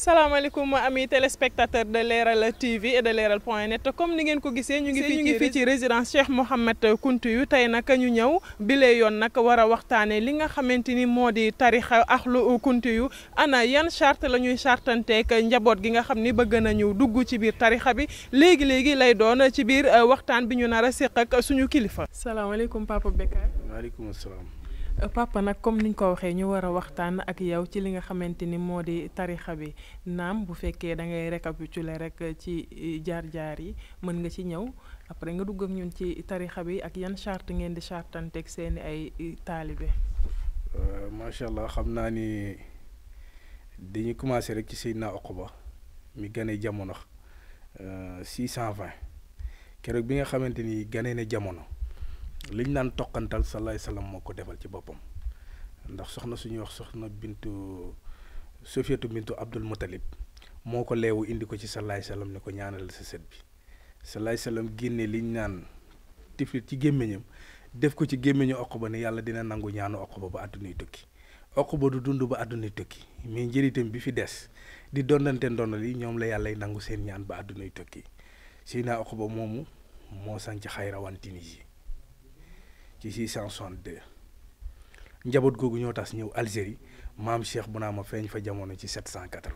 salaamaaleykum ami téléspectateur de Leral TV et de Leral point net comme ni ngeen ko gisee ñu ngi fii ñu ngi fii ci résidence Cheikh Mouhamed yu tey nag ñu ñëw bile yoon nag war a waxtaanee li nga xamante ni moo di tarixa axlu yu ana yan charte la ñuy chartanteeg njaboot gi nga xam ni bëgg nañu dugg ci biir tarixa bi léegi léegi lay doon ci biir euh, waxtaan bi ñu nar a séq ak suñu kilifa. salaamaaleykum papa Bekkaay. waaleykum salaam. papa nag comme ni niñ ko waxee ñu war a waxtaan ak yow ci li nga xamante ni moo di tarixa bi naam bu fekkee da ngay récapituler rek ci eh, jaar-jaar yi mën nga ci ñëw après nga dugg ak ñun ci tarixa bi ak yan charte ngeen di chartanteeg seeni ay eh, taalibe. Euh, macha allah xam naa ni dañuy commencé rek ci Seydina ba mi gane jamono 620 euh, keroog bi nga xamante ni gane na jamono. li ñu naan toqantal salaay salaam moo ko defal ci boppam ndax soxna suñuy wax soxna bintu Sofiyatu bintu Abdul Mutalib moo ko leewu indi ko ci salaay salaam ne ko ñaanal sa sët bi salaay salaam génne li ñu naan tiflit ci gémmiñam def ko ci gémmiñu ba ne yàlla dina nangu ñaanu Oqba ba àddunay tukki ba du dund ba àddunay tukki mais njëritam bi fi des di dondante ndondal yi ñoom la yàllay nangu seen ñaan ba àddunay tukki Seydina Oqba moomu moo sanc xayrawan ci 662 njaboot googu ñoo tas ñëw Algérie maam Cheikh ma feeñ fa jamono ci 780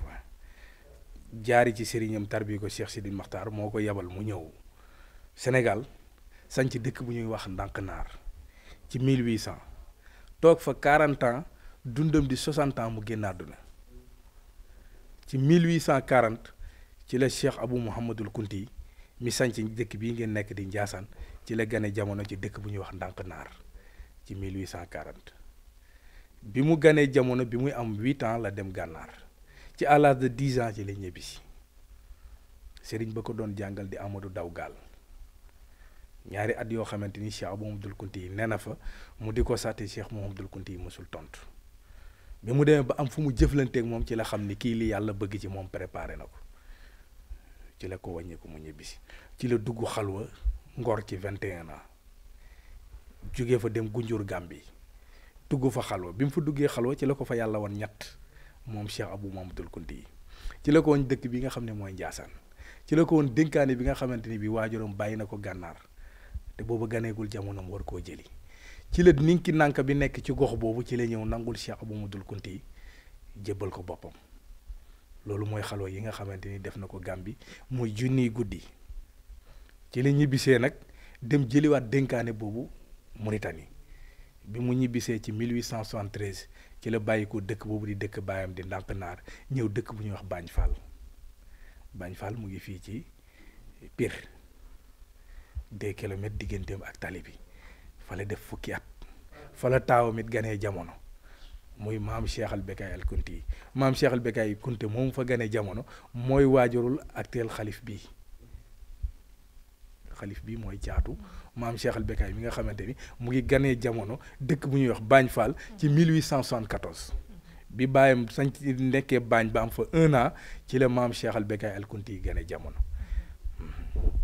jaari ci sëriñam tarbi ko Cheikh Sidi Maxtaar moo ko yebal mu ñëw Sénégal sanc dëkk bu ñuy wax ndànk naar ci 1800 toog fa 40 ans dundam di 60 ans mu génn àdduna ci ci la Cheikh Abou Mouhamadul Kunti mi sanc dëkk bii ngeen nekk di Njaasaan ci la gane jamono ci dëkk bu ñuy wax ndànk naar ci cent 1840 bi mu ganee jamono bi muy am huit ans la dem gànnaar ci à l'âge de dix ans ci la ñibbisi sëriñ ba ko doon jàngal di Amadou Daw Gaal ñaari at yoo xamante ni Cheikh Mouhamadoul Kounti yi nee na fa mu di ko sàtte Cheikh Mouhamadoul Kounti yi mosul tontu bi mu demee ba am fu mu jëflanteek moom ci la xam ni kii li yàlla bëgg ci moom préparé na ko ci la ko wàññeeku mu ñibbisi ci la dugg xalwa ngor ci 21 naa jóge fa dem Gunjur Gàmbi dugg fa xalwa bi mu fa duggee xalwa ci la ko fa yàlla woon ñett moom Cheikh Abou Mamadou Kounti yi ci la ko woon dëkk bi nga xam ne mooy Njaasaan ci la ko woon dénkaane bi nga xamante ni bi waajuram bàyyi na ko gànnaar te boobu ganeegul jamonoom war koo jëli ci la ninki nànk bi nekk ci gox boobu ci la ñëw nangul Cheikh Abou Mamadou Kounti yi jébbal ko boppam loolu mooy xalwa yi nga xamante ni def na ko Gàmbi muy junniy guddi ci la ñibbisee nag dem jëliwaat dénkaane boobu Mauritanie bi mu ñibbisee ci 1873 ci la bàyyi dëkk boobu di dëkk baayam di ndànk naar ñëw dëkk bu ñuy wax Bagne Fall Bagne Fall mu ngi fii ci Pire deux kilomètres digganteem ak tali bi fa la def fukki at fa la taawam it ganee jamono muy maam Cheikh al Bekaay al Kunti maam Cheikh al Bekaay Kunti moom fa ganee jamono mooy waajurul actuel xalif bii. xalif bi mooy caatu maam Cheikh al Bekaay mi nga xamante ni mu ngi ganee jamono dëkk bu ñuy wax Bagne Fall ci 1874 bi bàyyam sañ ci nekkee Bagne ba am fa un an ci la maam Cheikh al Bekaay al yi ganee jamono.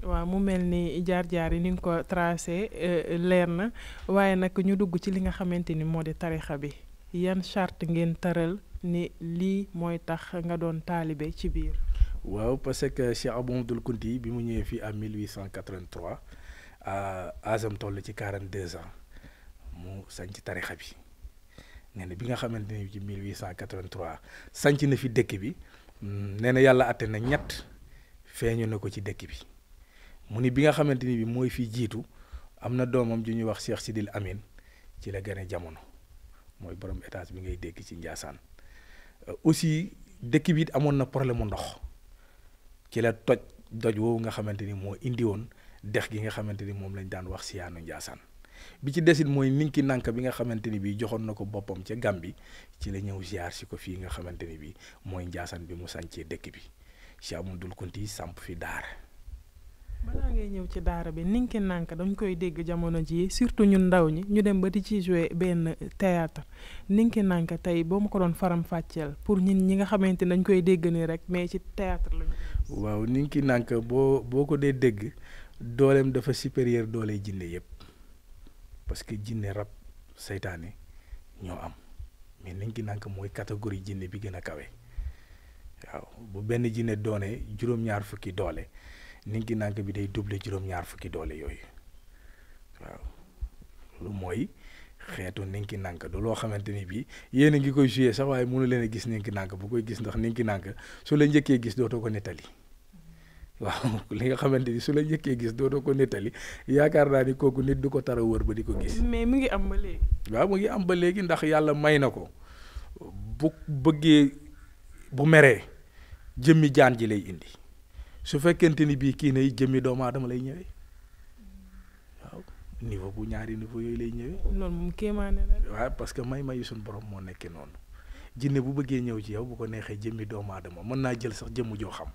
waaw mu mel ni jaar-jaar yi ni nga ko tracé euh, leer na waaye nag ñu dugg ci li nga xamante ni moo di tarixa bi yan chart ngeen tëral ni lii mooy tax nga doon taalibe ci biir. waaw parce que Cheikh Abou Mamadou Kounti bi mu ñëwee fii à 1883 asam toll ci 42 ans mu sanc tarixa bi nee na bi nga xamante ni ci 1883 sanc na fi dëkk bi nee na yàlla àtte na ñett feeñu na ko ci dëkk bi mu ni bi nga xamante ni bi mooy fii jiitu am na doomam ju ñuy wax Cheikh Sidil Amin ci la gane jamono mooy borom étage bi ngay dégg ci Njaasaan euh, aussi dëkk bi amoon na problème mu ndox ci la toj doj woowu nga xamante ni moo indi woon dex gi nga xamante ni moom lañ daan wax si yaanu Njaasaan bi ci desit mooy ninki nànk bi nga xamante ni bii joxoon na ko boppam ca Gàmbi ci la ñëw ziar ko fii nga xamante ni bii mooy Njaasaan bi mu sàncee dëkk bi Cheikh Amadou Kounti samp fi daara. balaa ngay ñëw ci daara bi ninki nànk dañ koy dégg jamono jii surtout ñun ndaw ñi ñu dem ba di ci jouer benn théâtre ninki nànk tey boo ma ko doon faram fàcceel pour ñun ñi nga xamante dañ koy dégg nii rek mais ci théâtre lañu. waaw ninki nànk boo boo ko dee dégg dooleem dafa supérieur doole jinne yëpp parce que jinne rab seytaane ñoo am mais ninki nànk mooy catégorie jinne bi gën a kawe waaw bu benn jinne doone juróom-ñaar fukki doole ninki nànk bi day double juróom-ñaar fukki doole yooyu waaw lu mooy xeetu ninki nànk du loo xamante ni bii yéen a ngi koy joué sax waaye mënu leen a gis ninki nànk bu koy gis ndax ninki nànk su la njëkkee gis dootoo ko nettali waaw li nga xamante ni su la njëkkee gis doo doo ko nettali yaakaar naa ni kooku nit du ko tara wër ba di ko gis. mais mu ngi am ba léegi. waaw mu ngi am ba léegi ndax yàlla may na ko bu bëggee bu meree jëmmi jaan ji lay indi su fekkente ni bii kii nay jëmmi doomu aadama lay ñëwee waaw niveau bu ñaari niveau yooyu lay ñëwee. loolu moom kéemaane na. waaw parce que may-mayu suñu borom moo nekkee noonu jinne bu bëggee ñëw ci yow bu ko neexee jëmmi doomu aadama mën naa jël sax jëmm joo xam.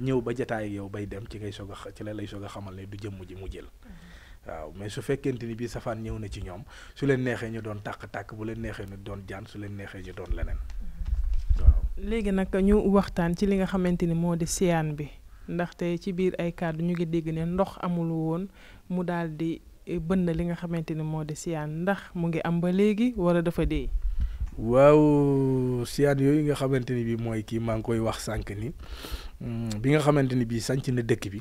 ñëw ba jataay yow bay dem ci ngay soog a ci la lay soog a xamal ne du jëmm ji mu jël mm-hmm. waaw mais su fekkente ni bii safaan ñëw na ci ñoom su leen neexee ñu doon tàkk-tàkk bu leen neexee ñu doon jaan su leen neexee ñu doon leneen mm-hmm. léegi nag ñu waxtaan ci li nga xamante ni moo di siyaan bi ndaxte ci biir ay kàddu ñu ngi dégg ne ndox amul woon mu daal di eh, bënn li nga xamante ni moo di siyaan ndax mu ngi am ba léegi wala dafa dee. waaw siyaat yooyu nga xamante ni bii mooy kii maa ngi koy wax sànq ni mm, bi nga xamante ni bii sànc na dëkk bi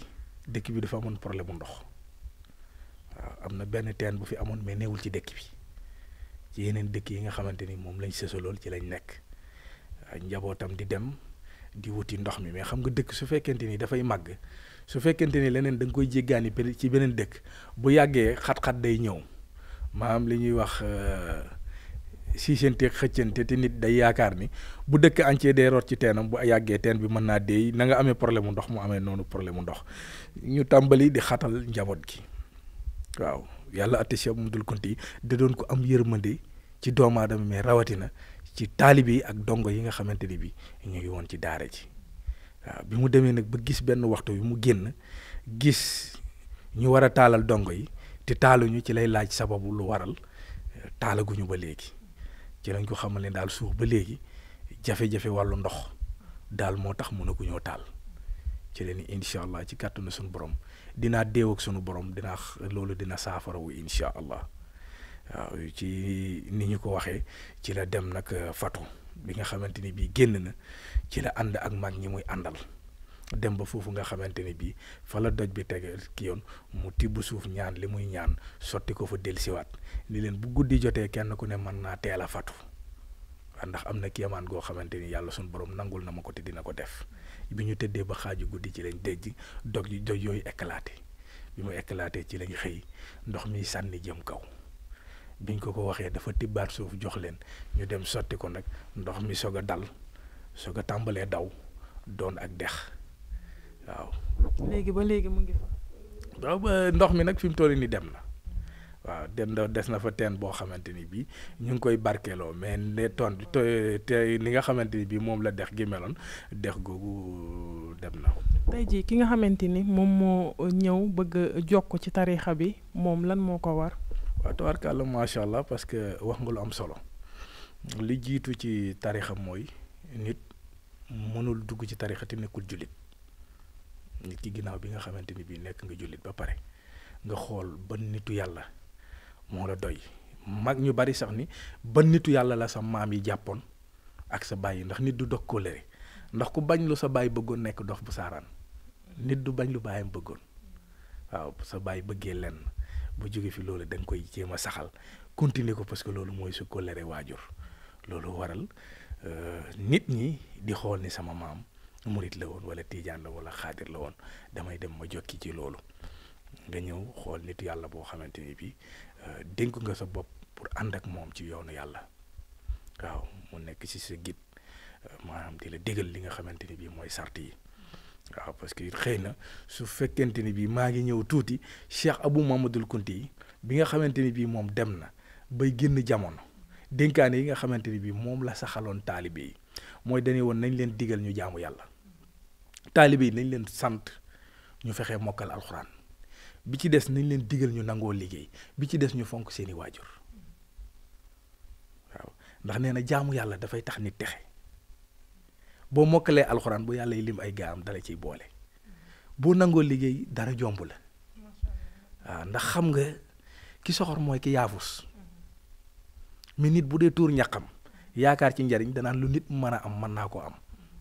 dëkk bi dafa amoon problème mu ndox waaw am na benn teen bu fi amoon mais neewul ci dëkk bi ci yeneen dëkk yi nga xamante ni moom lañ sësalool ci lañ nekk njabootam di dem di wuti ndox mi mais xam nga dëkk su fekkente ni dafay màgg su fekkente ni leneen da nga koy jéggaani ci beneen dëkk bu yàggee xat-xat day ñëw maanaam li ñuy wax. Euh, siisenteeg xëccante te nit day yaakaar ni bu dëkk entier dee root ci teenam bu yàggee teen bi mën naa dee na amee problème mu ndox mu amee noonu problème mu ndox ñu tàmbali di xatal njaboot gi waaw yàlla atte Cheikh Mamadou Kounta da doon ko am yërmande ci doomu aadama mais rawatina ci taalibe yi ak dongo yi nga xamante ni bi ñu ngi woon ci daara ji waaw bi mu demee nag ba gis benn waxtu bi mu génn gis ñu war a taalal dongo yi te taaluñu ci lay laaj sababu lu waral taalaguñu ba léegi ci lañ ko xamal ne daal suuf ba léegi jafe-jafe wàllu ndox daal moo tax mën a ko ñoo taal ci leen incha allah ci kàttanu suñu borom dinaa deew ak suñu borom dinaa loolu dina saafara wu allah waaw ci ni ñu ko waxee ci la dem nag fatu bi nga xamante ni bii génn na ci la ànd ak mag ñi muy àndal dem ba foofu nga xamante ne bii fa la doj bi tege ki yoon mu tibb suuf ñaan li muy ñaan sotti ko fa siwaat ni leen bu guddi jotee kenn ku ne mën naa teel a fatu ndax am na kéemaan goo xamante ni yàlla suñu boroom nangul na ma ko te dina ko def bi ñu tëddee ba xaaju guddi ci lañ dëj dog doj yooyu éclaté bi mu éclaté ci lañ xëy ndox mi sànni jëm kaw biñ ko ko waxee dafa tibbaat suuf jox leen ñu dem sotti ko nag ndox mi soog a dal soog a tàmbalee daw doon ak dex waaw. léegi ba léegi mu ngi fa. waaw ndox mi nag fi mu toll nii dem na waaw dem na des na fa teen boo xamante ni bii ñu ngi koy barkeeloo mais ne ton te li nga xamante ni bii moom la dex gi meloon dex googu dem na. tey jii ki nga xamante ni moom moo ñëw bëgg a ci tarixa bi moom lan moo ko war. waaw tabarkàlla macha allah parce que wax nga lu am solo li jiitu ci tariixa mooy nit mënul dugg ci tariixa te nekkul jullit. nit ki ginnaaw bi nga xamante ni bii nekk nga jullit ba pare nga xool ba nitu yàlla moo la doy mag ñu bari sax ni ba nitu yàlla la sa maam yi jàppoon ak sa bàyyi ndax nit du dog kóllëre ndax ku bañ lu sa bàyyi bëggoon nekk dof bu saaraan nit du bañ lu bàyyam bëggoon waaw sa bàyyi bëggee lenn bu jóge fi loolu da nga koy jéem a saxal continuer ko parce que loolu mooy su kóllëre waajur loolu waral euh, nit ñi di xool ni sama maam murit la woon wala tiijaan la wala xaadir la woon damay dem ma jokki ci loolu nga ñëw xool nit yàlla boo xamante ni bii euh, dénk nga sa bopp pour ànd ak moom ci yoonu yàlla waaw mu nekk ci sa git euh, maanaam di la li nga xamante ni bii mooy sart yi waaw parce que xëy na su fekkente ni bii maa ngi ñëw tuuti abu Abou Mamadou Kounti yi bi nga xamante ni bii moom dem na bay génn jamono dénkaane yi nga xamante ni bii moom la saxaloon taalibe yi mooy dañu woon nañ leen digal ñu jaamu yàlla taalibe yi nañ leen sant ñu fexe mokkal alxuraan bi ci des nañ leen digal ñu nangoo liggéey bi ci des ñu fonk seeni waajur waaw ndax nee na jaamu yàlla dafay tax nit texe boo mokkalee alxuraan bu yàlla yi lim ay gaam dala ciy boole boo nangoo liggéey dara jomb la waaw ndax xam nga ki soxor mooy ki yaafus mi nit bu dee tuur ñaqam yaakaar ci njariñ danaan lu nit mën a am mën naa ko am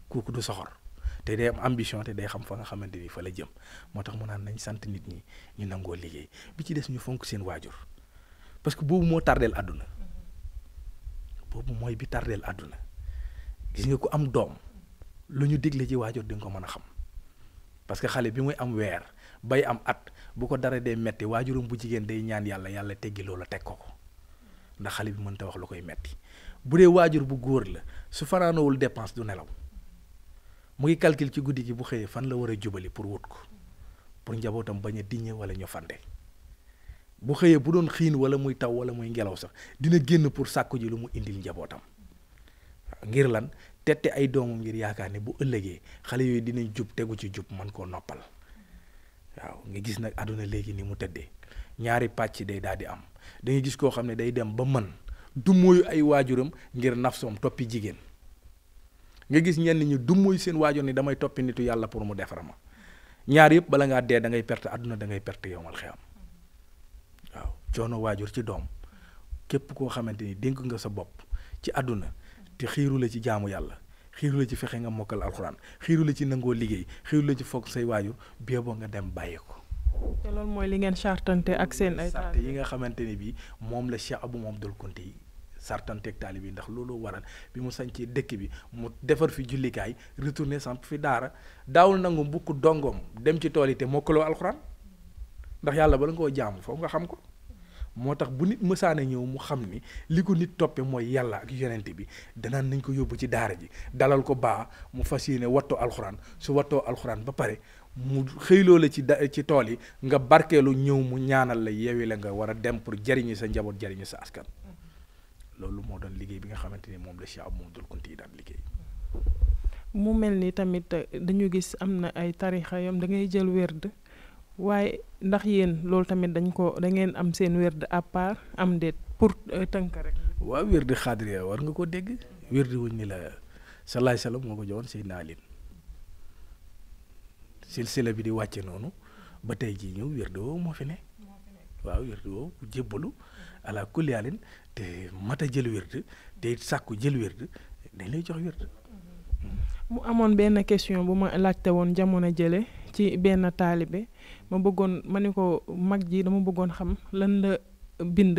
kooku du soxor te day am ambition te day xam fa nga xamante nii fa la jëm moo tax mu naan nañ sant nit ñi ñu nangoo liggéey bi ci des ñu fonk seen waajur parce que boobu moo tardeel àdduna boobu mooy bi tardeel àdduna gis nga ko am doom lu ñu digle ci waajur di nga ko mën a xam parce que xale bi muy am weer bay am at bu ko dara dee metti waajuram bu jigéen day ñaan yàlla yàlla teggi loola teg ko ko ndax xale bi mënta wax lu koy metti bu dee waajur bu góor la su fanaanoowul dépense du nelaw mu ngi calcul ci guddi gi bu xëyee fan la war a jubali pour wut ko pour njabootam bañ a diñe wala ñu fande bu xëyee bu doon xiin wala muy taw wala muy ngelaw sax dina génn pour sàkku ji lu mu indil njabootam ngir lan tette ay doomam ngir yaakaar ne bu ëllëgee xale yooyu dinañ jub tegu ci jub man koo noppal waaw nga gis nag àdduna léegi ni mu tëddee ñaari pàcc day daal di am da gis koo xam ne day dem ba mën du mooyu ay waajuram ngir nafsoom toppi jigéen nga gis ñenn ñi du muy seen waajur ni damay toppi nitu yàlla pour mu defar ma ñaar yëpp bala ngaa dee da ngay perte àdduna da ngay perte yowmal am waaw coono waajur ci doom képp koo xamante ni dénk nga sa bopp ci àdduna te xiiru la ci jaamu yàlla xiiru la ci fexe nga mokkal alxuraan xiiru la ci nangoo liggéey xiiru la ci foog say waajur bee boo nga dem bàyyi ko. te loolu mooy li ngeen chartante ak seen ay. yi nga xamante ni bii moom la Cheikh Abou Mouhamadoul Kounta yi sartanteeg taalibe yi ndax loolu waral bi mu sañcee dëkk bi mu defar fi jullikaay retourné samp fi daara daawul nangu mbukk dongom dem ci tool yi te mokkaloo alxuraan ndax yàlla bala nga koo jaamu foofu nga xam ko moo tax bu nit mësaane ñëw mu xam ni li ko nit toppe mooy yàlla ak yonent bi danaa nañ ko yóbbu ci daara ji dalal ko baa mu fas yéene wattoo alxuraan su wattoo alxuraan ba pare mu xëyloo la ci da ci tool yi nga barkeelu ñëw mu ñaanal la yewi la nga war a dem pour jariñi sa njaboot jariñi sa askan loolu moo doon liggéey bi nga xamante ni moom la Cheikh Abdoul Kounti yi daan liggéey. mu mel ni tamit euh, dañu gis am na ay tarixa yam da jël werd waaye ndax yéen loolu tamit dañ ko dangeen am seen werd à am déet pour euh, tënk rek. waaw werd xaadiriya war nga ko dégg. werd wuñ ni la salaay salaam moo ko joxoon Seydina Ali silsila bi di wàcce noonu ba tey ji ñëw werd woowu moo fi ne waaw werd woowu jébbalu ala kulli haalin te mat a jël wird te sàkku jël wird dañ lay jox wird mu amoon benn question bu ma laajte woon jamono jële ci benn taalibe ma bëggoon ma ni ko mag ji dama bëggoon xam lan la bind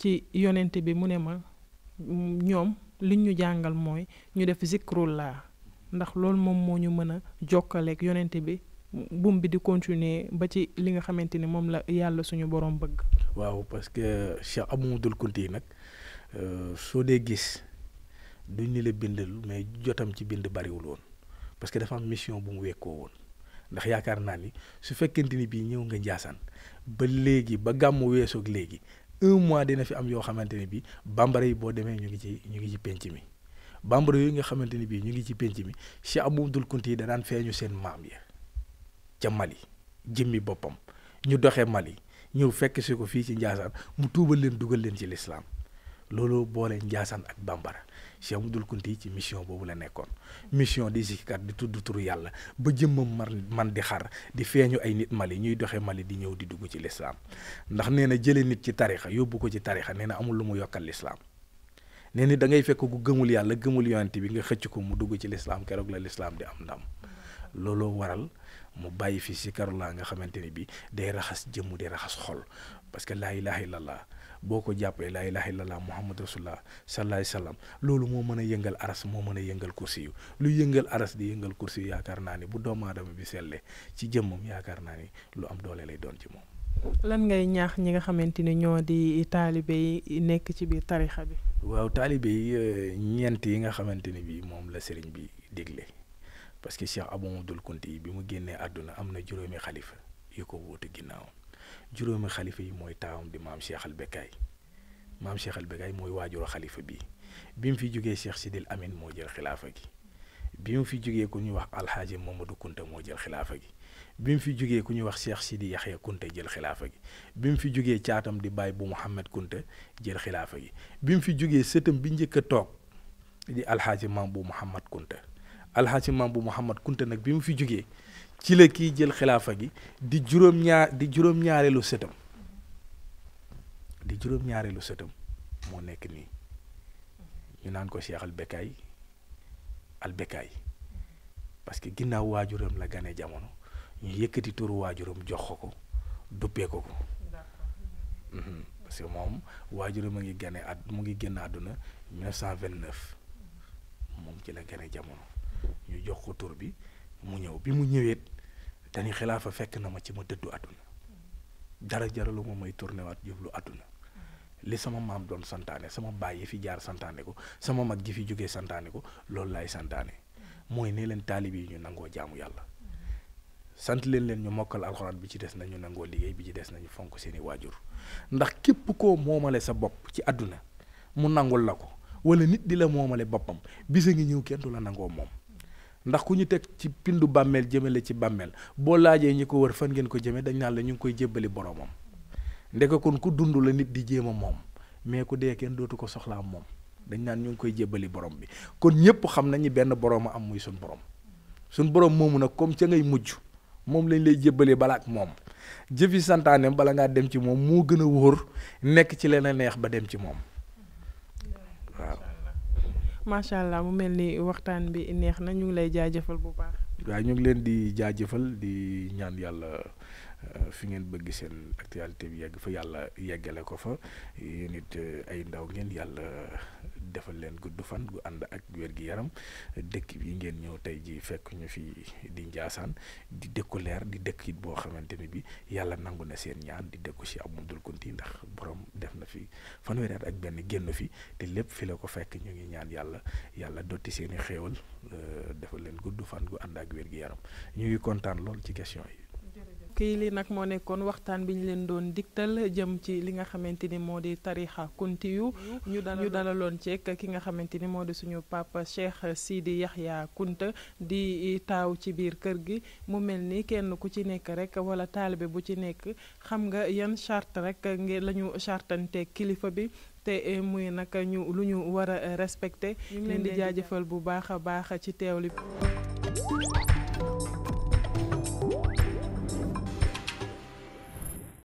ci yonent bi mu ne ma ñoom li ñu jàngal mooy ñu def zikrullah ndax loolu moom moo ñu mën a jokkaleek yonent bi buum bi di continuer ba ci li nga xamante ni moom la yàlla suñu borom bëgg. waaw parce que Cheikh Ahmadou Kounta nag euh, soo dee gis duñ ni la bindal mais jotam ci bind bariwul woon parce que dafa am mission bu mu wekkoo woon ndax yaakaar naa ni su fekkente ni bii ñëw nga Njaasaan ba léegi ba gàmmu weesook léegi un mois dina fi am yoo xamante ne bii bambara yi boo demee ñu ngi ci ñu ngi ci penc mi bambara yooyu nga xamante ni bii ñu ngi ci penc mi Cheikh Ahmadou Kounta yi da feeñu seen maam ya ca Mali jëmmi boppam ñu doxee Mali ñëw fekk si ko fii ci Ndiassane mu tuubal leen dugal leen ci lislaam looloo boole Ndiassane ak Bambara Cheikh dul Kounti ci mission boobu la nekkoon mission di zikkat di tudd turu yàlla ba jëmmam man man di xar di feeñu ay nit Mali ñuy doxee Mali di ñëw di dugg ci lislaam ndax nee na jëlee nit ci tarixa yóbbu ko ci tarixa nee na amul lu mu yokkal lislaam nee ni da ngay fekk ku gëmul yàlla gëmul yonent bi nga xëcc ko mu dugg ci lislaam keroog la lislaam di am ndam mu bàyyi fi sikar laa nga xamante ne bi day raxas jëmm day raxas xol parce que laa ilaha illallah boo ko jàppee laa ilaha illallah muhammad rasulullah sallallahu salaam loolu moo mën a yëngal aras moo mën a yëngal kursi yu lu yëngal aras di yëngal kursi yu yaakaar naa ni bu doomu aadama bi sellee ci jëmmam yaakaar naa ni lu am doole lay doon ci moom lan ngay ñaax ñi nga xamante ni ñoo di taalibe yi nekk ci biir tarixa bi waaw taalibe yi euh, ñeent yi nga xamante ni bi moom la sëriñ bi digle parce que Cheikh Abou Mamadou Kounta yi bi mu génnee àdduna am na juróomi xalifa yu ko wóotu ginnaawam juróomi xalifa yi mooy taawam di maam Cheikh al Bekkaay maam Cheikh al Bekkaay mooy waajuru xalifa bii bi mu fi jógee Cheikh Sidil Amin moo jël xilaafa gi bi fi jógee ku ñuy wax alxaaji Mamadou Kounta moo jël xilaafa gi bi mu fi jógee ku ñuy wax Cheikh Sidi Yaxya Kounta jël xilaafa gi bi mu fi jógee caatam di bàyyi bu Mouhamed Kounta jël xilaafa gi bi mu fi jógee sëtam bi njëkk a toog di alxaaji maam bu Mouhamed Kounta alxaaji maam bu Mouhamad Kunta nag bi mu fi jógee ci la kiy jël xilaafa gi di juróom di juróom-ñaareelu sëtam di juróom-ñaareelu sëtam moo nekk nii ñu naan ko Cheikh Albekaay Albekaay parce que ginnaaw waajuram la gane jamono ñu yëkkati turu waajuram jox ko ko duppee ko ko mhm. parce que moom waajuram a ngi gane at mu ngi génn àdduna 1929 moom ci la gane jamono ñu jox ko tur bi mu ñëw bi mu ñëwee dañuy xilaafa fekk na ma ci ma dëddu àdduna dara jaralu ma may tourné waat jublu àdduna li sama maam doon santaane sama baay yi fi jaar santaane ko sama mag ji fi jógee santaane ko loolu laay santaane mooy ne leen taalib yi ñu nangoo jaamu yàlla sant leen leen ñu mokkal alxuraan bi ci des ñu nangoo liggéey bi ci des nañu fonk seeni waajur ndax képp ko moomale sa bopp ci àdduna mu nangul la ko wala nit di la moomale boppam bisa ñëw kenn du la nangoo moom ndax ku ñu teg ci pindu bàmmeel la ci bàmmeel boo laajee ñi ko wër fan ngeen ko jëmee dañ naan la ñu ngi koy jébbali boromam ndeke kon ku dund la nit di jéema moom mais ku dee kenn dootu ko soxlaa moom dañ naan ñu ngi koy jébbali borom bi kon ñëpp xam na ñi benn borom a am muy suñ borom suñ borom moomu nag comme ca ngay mujj moom lañ lay jébbalee balaa moom jëfi santaaneem bala ngaa dem ci moom moo gën a wóor nekk ci leneen neex ba dem ci moom. macha allah mu mel ni waxtaan bi neex na ñu ngi lay jaajëfal bu baax. waaye ñu ngi leen di jaajëfal di ñaan yàlla euh, fi ngeen bëgg seen actualité bi yegg fa yàlla yeggale ko fa yéen nit euh, ay ndaw ngeen yàlla defal leen gudd fan gu ànd ak wér-gi-yaram dëkk bi ngeen ñëw tey ji fekk ñu fi di njaasaan di dëkku leer di dëkk it boo xamante ni bi yàlla nangu na seen ñaan di dëkku si dul Kunti ndax borom def na fi fanweeri ak benn génn fi te lépp fi la ko fekk ñu ngi ñaan yàlla yàlla dotti seen i xéewal Euh, defal leen gudd fan gu ànd ak wér gi yaram ñu kontaan lool ci question yi. kii li nag moo nekkoon waxtaan bi leen doon digtal jëm ci li nga xamante ni moo di tarixa kuntiyu ñu dalaloon ceek ki nga xamante ni moo di suñu papa Cheikh Sidi Yaxya kunt di taaw ci biir kër gi mu mel ni kenn ku ci nekk rek wala taalibe bu ci nekk xam nga yan chart rek lañu chartanteeg kilifa bi te eh, muy nag ñu lu ñu war a eh, respecté leen di jaajëfal bu baax a baax ci teewli